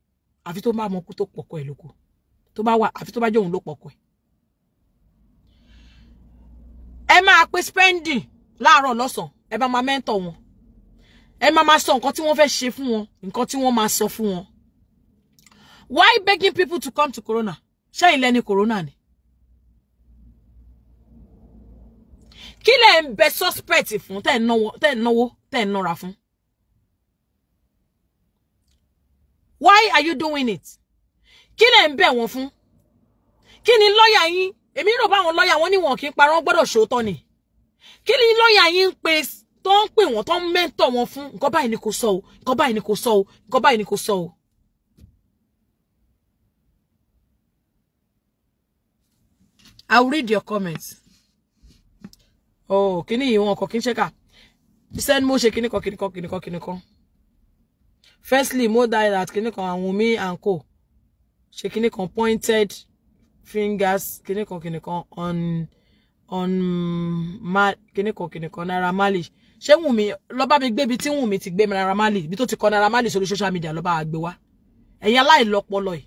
àfi tó bá mọ kú tó pọ̀kọ ẹ̀ lóko tó bá wà àfi tó bá jẹ́ òun ló pọ̀kọ ẹ̀. ẹ máa pe spending láàárọ̀ lọ́sàn-án ẹ bá máa mẹ́ńtọ̀ wọn ẹ máa máa sọ nǹkan tí wọ́n fẹ́ ṣe fún wọn nǹkan tí wọ́n máa sọ fún wọn. why begging people to come to corona ṣẹ́yìn lẹ́ni corona ni. kí lẹ̀ ń bẹ suspect fún tẹ́ ẹ̀ náwó tẹ́ ẹ̀ náwó tẹ́ ẹ̀ nọ́ra fún. why are you doing it kí lẹ̀ ń bẹ̀ wọ́n fún kí ni lọ́ọ̀yà yín èmi rò báwọn lọ́ọ̀yà wọn ní wọn kì í parọ́ wọn gbọ́dọ̀ ṣòótọ́ ni kí ni lọ́ọ̀yà yín ń pe tó ń pè wọ́n tó ń mẹ́ńtọ̀ wọn fún nǹkan báyìí ni kò sọ o nǹkan báyìí ni kò sọ o nǹkan báyìí ni kò sọ o. I will read your comments. Oh, kí ni ìwọ̀n ọkọ̀ kí n ṣẹ́ka? Send mo ṣe kíní kan kíní kan kíní kan kíní firstly mo die that kinní kan àwọn mi and co ṣe kinní kan pointed fingers kinní kan kinní kan on on ma kinní kan kinní kan Naira Marley ṣé Wùnmí lọ bá mi gbébi tí Wùnmí ti gbé Naira Marley ibi tó ti kọ Naira Marley sórí social media lọ bá a gbé wá ẹ̀yin aláìlọ́pọlọ yìí.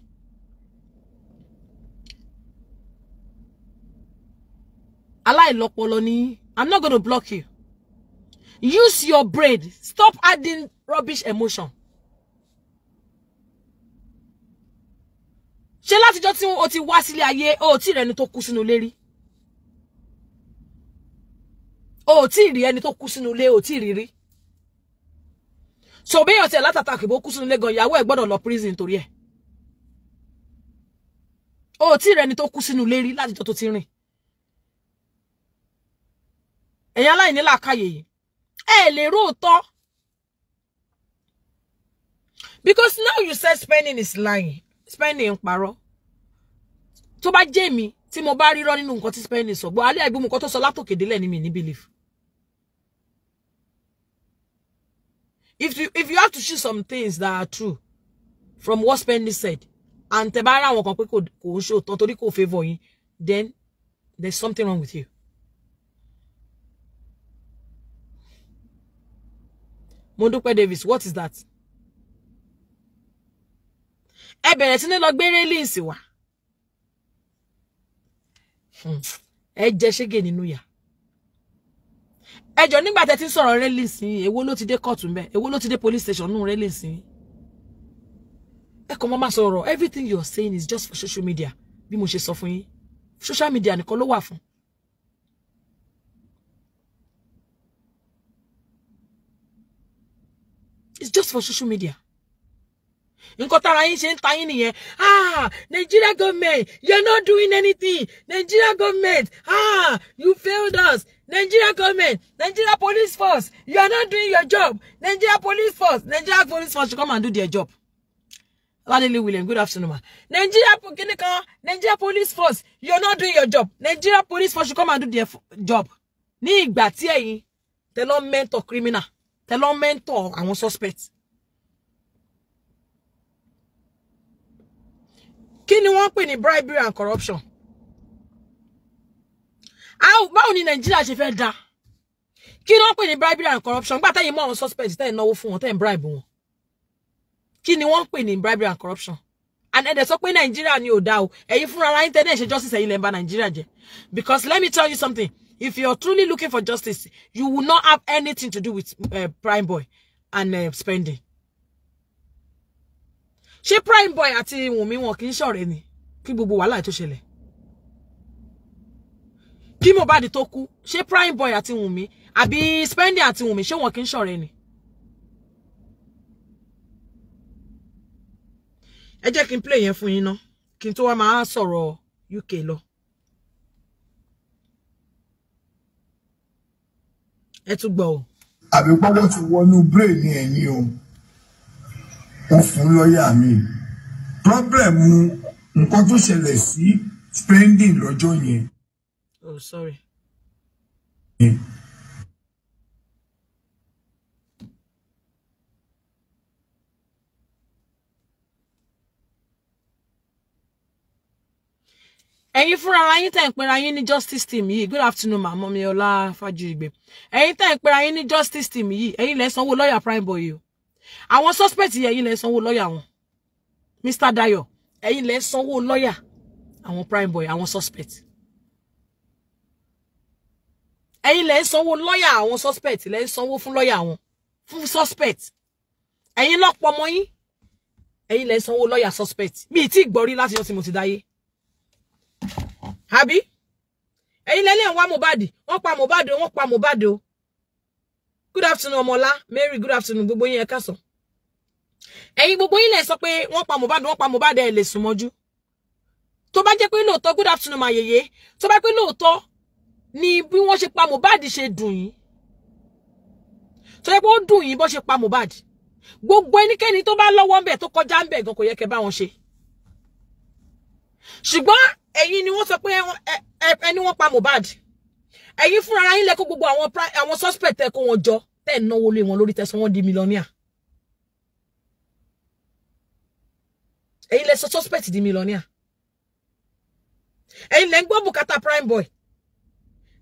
aláìlọ́pọlọ ni i'm not going to block you use your brain stop adding rubbish emotion ṣé látijọ́ tí o ti wá sílé ayé o ò tí ì rẹni tó kú sínú ilé rí o ò tí ì rí ẹni tó kú sínú ilé o ò tí ì rí rí so béèyàn tiẹ̀ látàtà kìbó kú sínú ilé gan ìyàwó ẹ̀ gbọ́dọ̀ lọ prison torí ẹ̀ o ò tí ì rẹni tó kú sínú ilé rí látijọ́ tó ti rìn ẹ̀yin aláìní làákàyè yìí ẹ lè róòtọ́ because now you say spending is lying Spending ń parọ́ tó bá jẹ́ mi tí mo bá rírọ́ nínú nǹkan tí Spending sọ gbọ́ alẹ́ àgbẹ̀mú nǹkan tó sọ látòkè ní mi ní belief. If you if you have to choose some things that are true from what Spending said and tẹ́ bá rí àwọn kan pé kò kò ń ṣe òtán torí kò favour yín then there's something wrong with you. mo dúpẹ́ Davis what is that? ẹ bẹ̀rẹ̀ sí ní lọ gbé railings wá hmm. ẹ jẹ ṣége nínú yà ẹjọ nígbà tẹ ti ń sọ̀rọ̀ railings yín èwo ló ti dé kóòtù mbẹ èwo ló ti dé police station nù railings yín ẹ kàn mọ́ máa sọ̀rọ̀ everything you are saying is just for social media bí mo ṣe sọ fún yín social media nìkan ló wà fún. It's just for social media nǹkan tára yín ṣe ń ta yín ah Nigeria government you're not doing anything Nigeria government ah you failed us Nigeria government Nigeria police force you are not doing your job Nigeria police force Nigeria police force come and do their job. Ladele William, good afternoon, ma. Nigeria, Kinika, Nigeria police force, you're not doing your job. Nigeria police force should come and do their job. Ní ìgbà tí ẹ̀yin, tẹ lọ mẹ́ntọ̀ criminal, tẹ lọ mẹ́ntọ̀ suspects. kí ni wọ́n ń pè ní bribery and corruption báwo ni nàìjíríà ṣe fẹ́ da kí ni wọ́n pè ní bribery and corruption nígbà tẹ́yìn mọ́ àwọn suspect tẹ́yìn náwó fún wọn tẹ́yìn bribe wọn kí ni wọ́n pè ní bribery and corruption and ẹ̀dẹ̀ sọ pé nàìjíríà ni ò da o ẹ̀yin fúnra ara yín tẹ́lẹ̀ ṣe justice ẹ̀yin lè nàìjíríà jẹ́ because let me tell you something if you are truly looking for justice you will not have anything to do with uh, eh, prime boy and uh, spending ṣé prime boy àti wùnmí wọn kì í ṣọ̀rẹ́ ni kí gbogbo wàhálà tó ṣẹlẹ̀ kí Mohbad tó kú ṣé prime boy àti wùnmí àbí spending àti wùnmí ṣé wọn kì í ṣọ̀rẹ́ ni. ẹ jẹ́ kí n play yẹn fún yín ná kí n tó wá máa sọ̀rọ̀ UK lọ. ẹ tún gbọ́ o. àbí pọ́wọ́ wọnú brain ẹ̀yìn o wọ́n fún lọ́ọ̀yà mi pọ́blẹ̀mù nǹkan tó ṣẹlẹ̀ sí spending lọ́jọ́ yẹn. oh sorry. Yeah. ẹ̀yin fúnra ara yín tẹ̀ ń pera yín ní justice team yìí good afternoon màmá mi ọlá fàjúigbe ẹ̀yin tẹ̀ ń pera yín ní justice team yìí ẹ̀yin lẹ sanwó lọ́ọ̀yà prime boy yìí o àwọn suspect yẹn ẹ̀yin lẹ sanwó lọ́ọ̀yà wọn Mr Dayo ẹ̀yin lẹ sanwó lọ́ọ̀yà àwọn prime boy àwọn suspect ẹ̀yin lẹ sanwó lọ́ọ̀yà àwọn suspect lẹ sanwó fún lọ́ọ̀yà wọn fún suspect ẹ̀yin lọ́pọ̀ ọmọ yín ẹ̀yin lẹ sanwó lọ́ọ̀yà suspect mi ì tí ì gbọ́ rí láti yọ tí mo ti dáyé àbí ẹ̀yin lẹ́lẹ́ ń wá Mohbad wọ́n pa Mohbad o wọ́n pa Mohbad o good afternoon ọmọlá mary good afternoon gbogbo yín ẹ káàsán ẹ̀yin gbogbo yín lẹ sọ pé wọ́n pa mohbad wọ́n pa mohbad ẹ lè sùn mọ́jú tó bá jẹ́ pé lóòótọ́ good afternoon mayeye tó bá pé lóòótọ́ ni bí wọ́n ṣe pa mohbad ṣe dùn yín tó yẹ pé ó dùn yín bó ṣe pa mohbad gbogbo ẹnikẹ́ni tó bá lọ́wọ́ ń bẹ̀ tó kọjá ń bẹ̀ gan kò yẹ kẹ́ bá wọn ṣe ṣùgbọ́n ẹ̀yin ni wọ́n sọ pé ẹni wọ́n pa mohbad ẹ̀yin fúnra ara yín lẹ́kọ́ gbogbo àwọn àwọn suspect ẹ̀ kó wọn jọ tẹ́ ẹ̀ náwó lé wọn lórí tẹ̀sán wọn di mílíọ̀nìà ẹ̀yin lẹ́sọ suspect di mílíọ̀nìà ẹ̀yin lẹ́ ń gbọ́ bùkátà prime boy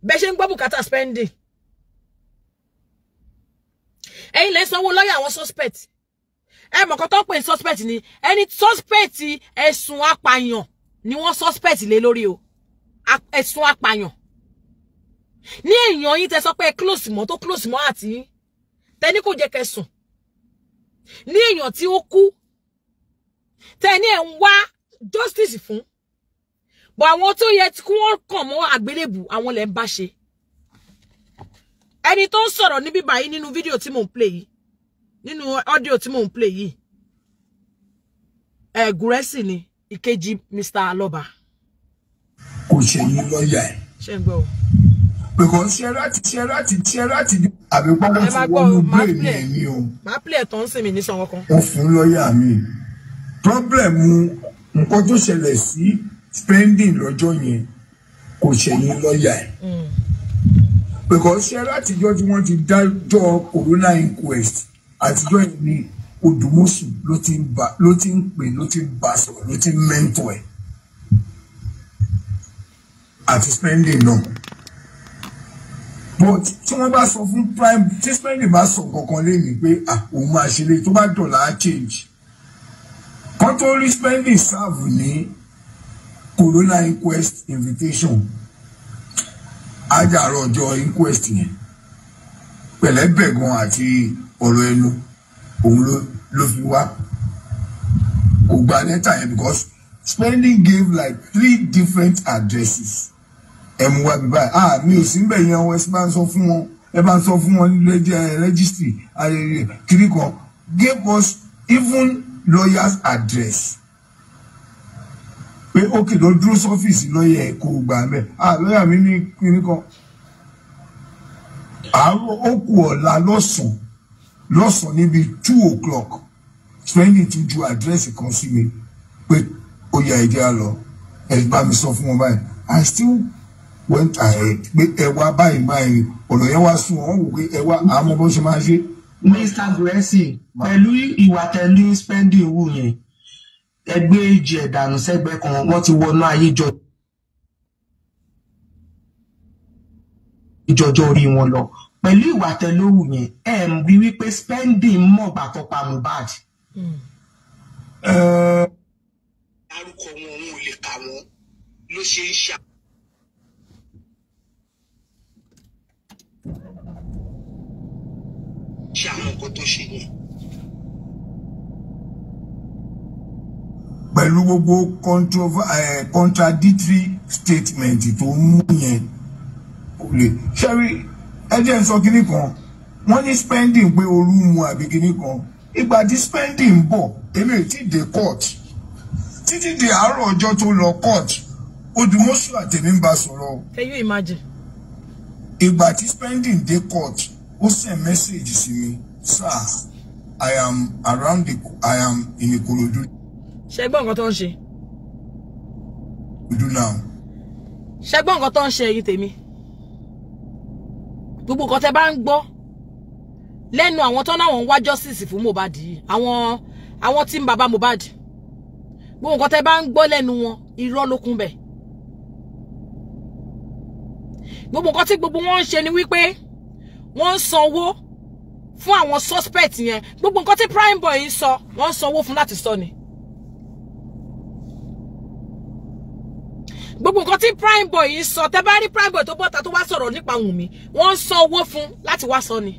bẹ́ẹ̀ ṣe ń gbọ́ bùkátà spending ẹ̀yin lẹ́ ń sanwó lọ́yà àwọn suspect ẹ mọ̀ kan tó ń pè ní suspect ni ẹni suspect ẹ̀sùn apààyàn ni wọ́n suspect lé lórí o ẹ̀sùn apààyàn ní èèyàn yín tẹ sọ pé close mọ́ tó close mọ́ àti yín tẹni kò jẹ́ kẹsùn ní èèyàn tí ó kú tẹni ẹ̀ ń wá justice fún bọ̀ àwọn tó yẹ kí wọ́n kàn mọ́ àgbélébù àwọn lẹ́ ń bá ṣe ẹni tó ń sọ̀rọ̀ níbí báyìí nínú fídíò tí mò ń play yìí nínú ọ́díò tí mò ń play yìí ẹ̀gúrẹ́sì ni ìkejì Mr. Aloba. kò ṣe ní lọ́ọ̀yà ẹ̀. ṣé ń gbọ́ o because ṣe láti ṣe láti ṣe láti di àbí pọ́npọ́n ti wọnú brain mi o. máa play ẹ̀tọ́ ń sìn mí ní sanwó kan. ó fún lọ́ọ̀yà mi problem nǹkan tó ṣẹlẹ̀ sí spending lọ́jọ́ yẹn kò ṣẹ̀yìn lọ́ọ̀yà ẹ̀ because mm. ṣe látijọ́ tí wọ́n ti dájọ́ corona inquest àtijọ́ yìí ni odùmọ̀sù ló ti ń ba ló ti ń pè ló ti ń ba sọ̀rọ̀ ló ti ń mẹ́ntọ̀ ẹ̀ àti spending náà. No but tí wọ́n bá sọ fún prime tí spending bá sọ kankan lẹ́yìn pé ah, òun máa ṣe lè e. tó bá dọ̀là á change kan tó rí spending serve ní corona inquest invitation ájàrò ọjọ́ inquest yẹn pẹ̀lẹ́bẹ̀gan àti ọ̀rọ̀ ẹnu òun ló fi wá kò gba lẹ́tà yẹn because spending gave like three different addresses ẹ mú wá ah mi ò sí ń bẹ̀ yẹn wọn ẹ bá ń sọ fún wọn ẹ bá ń sọ fún wọn rẹ́gísítì kiri kan give us even lawyer's address pé ókè lọ dúró sọ́fíìsì lọ́yẹ̀ kó gbà mẹ́ ah lọ́yà mi ní kiri kan àárọ̀ ó kù ọ̀la lọ́sàn-án lọ́sàn-án níbi two o'clock spending ti ju àdírẹ́sì kan sí mi pé ó yà ẹ̀jẹ̀ á lọ ẹ̀ bá mi sọ fún wọn báyìí I still went ahead pé ẹ wá báyìí báyìí ọ̀rọ̀ yẹn wá sùn wọ́n wò pé ẹ wá àmọ́ bó ṣe máa ṣe. Mr. Gressy pẹ̀lú ìwà tẹ̀lé spending wù yẹn ẹgbẹ́ èjì ẹ̀dànù sẹ́gbẹ́ kan wọ́n ti wọnú ayé jọ orí wọn lọ pẹ̀lú ìwà tẹ̀lówù yẹn ẹ̀ ń rí wípé spending mọ̀ bàtọ̀ pa Mohbad. dárúkọ hmm. wọn ò lè kà wọn ló ṣe ń ṣe. ṣe àwọn nǹkan tó ṣe yẹn. pẹ̀lú gbogbo eh, contradictory statement tó ń mú yẹn kò lè ṣẹ́rí ẹjẹ́ ń sọ kínní kan wọ́n ní spending pé orú mu àbí kínní kan ìgbà tí spending ń bọ̀ èmi ò tí dé court títí di àárọ̀ ọjọ́ tó lọ court odùmọ̀ṣù àtẹ̀mí ń bá sọ̀rọ̀. can you imagine. ìgbà tí spending dé court ó send message sí mi sir i am around the i am in Ikorodu. ṣe gbọ́ nǹkan tó ń ṣe. do now. ṣe gbọ́ nǹkan tó ń ṣe èyí tèmi gbogbo nǹkan tẹ bá ń gbọ́ lẹ́nu àwọn tán náà wọ́n wá justice fún Mohbad yìí àwọn àwọn tí ń bàbá Mohbad gbogbo nǹkan tẹ bá ń gbọ́ lẹ́nu wọn irọ́ ló kún bẹ̀ gbogbo nǹkan tí gbogbo wọn ń ṣe ni wípé wọ́n ń sanwó fún àwọn suspect yẹn gbogbo nǹkan tí prime boy ń sọ wọ́n ń sanwó fún láti sọ ni. gbogbo nǹkan tí prime boy ń sọ tẹ́ bá rí prime boy tó bọ́ta tó wá sọ̀rọ̀ nípa Wùnmí wọ́n ń sanwó fún láti wá sọ ni.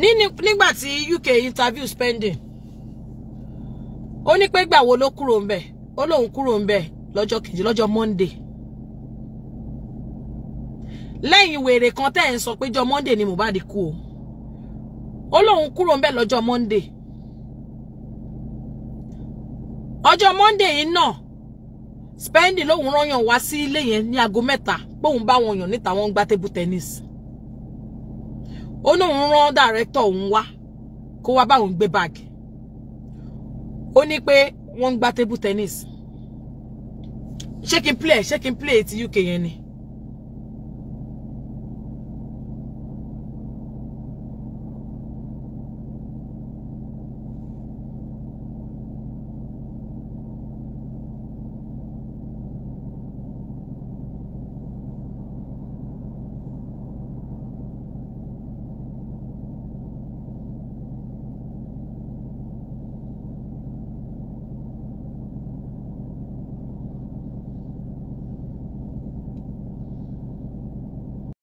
nígbà tí UK interview spending ó ní pé gbàwo ló kúrò ń bẹ ó lóun kúrò ń bẹ lọ́jọ́ kejì lọ́jọ́ Monday lẹ́yìn wèrè kan tẹ́ ẹ̀ sọ pé jọ Monday ni Mohbad kú o ó lóun kúrò ń bẹ lọ́jọ́ Monday ọjọ́ Monday yìí náà spending lóun rányàn wá sí ilé yẹn ní aago mẹ́ta póun bá wọn yàn níta wọn ń gbá table tennis ó náà ń rán dàrẹ́tọ̀ òun wá kó wá báwọn gbé báàgì ó ní pé wọ́n ń gba table tennis ṣé kí n play ṣé kí n play ti UK yẹn ni